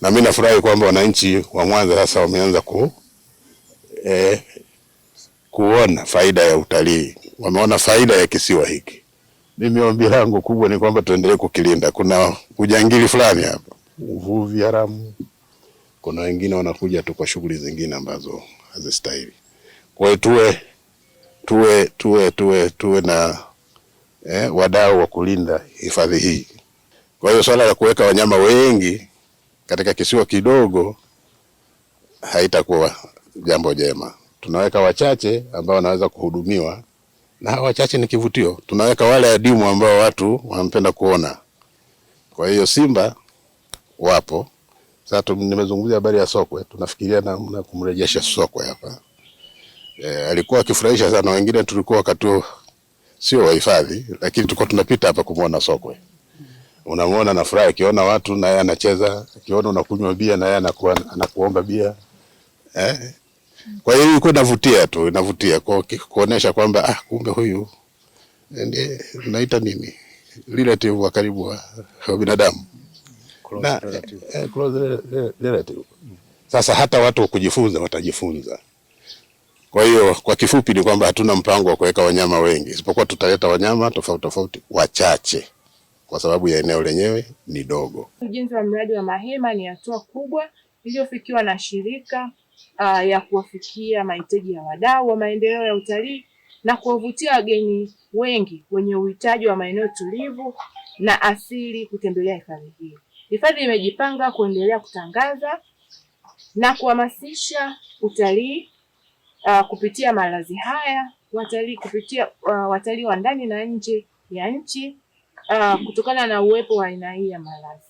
na mimi nafurahi kwamba wananchi wa Mwanza sasa wameanza ku, eh, kuona faida ya utalii, wameona faida ya kisiwa hiki. Mimi ombi langu kubwa ni kwamba tuendelee kukilinda. Kuna ujangili fulani hapa, uvuvi haramu, kuna wengine wanakuja tu kwa shughuli zingine ambazo hazistahili. Kwa hiyo tuwe tuwe tuwe tuwe tuwe na eh, wadau wa kulinda hifadhi hii. Kwa hiyo swala la kuweka wanyama wengi katika kisiwa kidogo haitakuwa jambo jema. Tunaweka wachache ambao wanaweza kuhudumiwa na hawa wachache ni kivutio. Tunaweka wale adimu ambao watu wanampenda kuona. Kwa hiyo simba wapo. Sasa nimezungumzia habari ya sokwe, tunafikiria namna kumrejesha sokwe hapa. E, alikuwa akifurahisha sana, wengine tulikuwa wakati sio wahifadhi, lakini tulikuwa tunapita hapa kumwona sokwe. Unamwona anafurahi akiona watu na yeye anacheza, akiona unakunywa bia na yeye anakuwa anakuomba bia eh. Kwa hiyo ilikuwa inavutia tu, inavutia kwa kuonesha kwamba ah, kumbe huyu eh, ndiye unaita nini relative wa karibu wa binadamu na, relative. Eh, close relative. Sasa hata watu kujifunza watajifunza. Kwa hiyo kwa kifupi ni kwamba hatuna mpango wa kuweka wanyama wengi, isipokuwa tutaleta wanyama tofauti tofauti wachache kwa sababu ya eneo lenyewe ni dogo. Ujenzi wa mradi wa mahema ni hatua kubwa iliyofikiwa na shirika uh, ya kuwafikia mahitaji ya wadau wa maendeleo ya utalii na kuwavutia wageni wengi wenye uhitaji wa maeneo tulivu na asili kutembelea hifadhi hii. Hifadhi imejipanga kuendelea kutangaza na kuhamasisha utalii uh, kupitia malazi haya watalii kupitia uh, watalii wa ndani na nje ya nchi uh, kutokana na uwepo wa aina hii ya maradhi.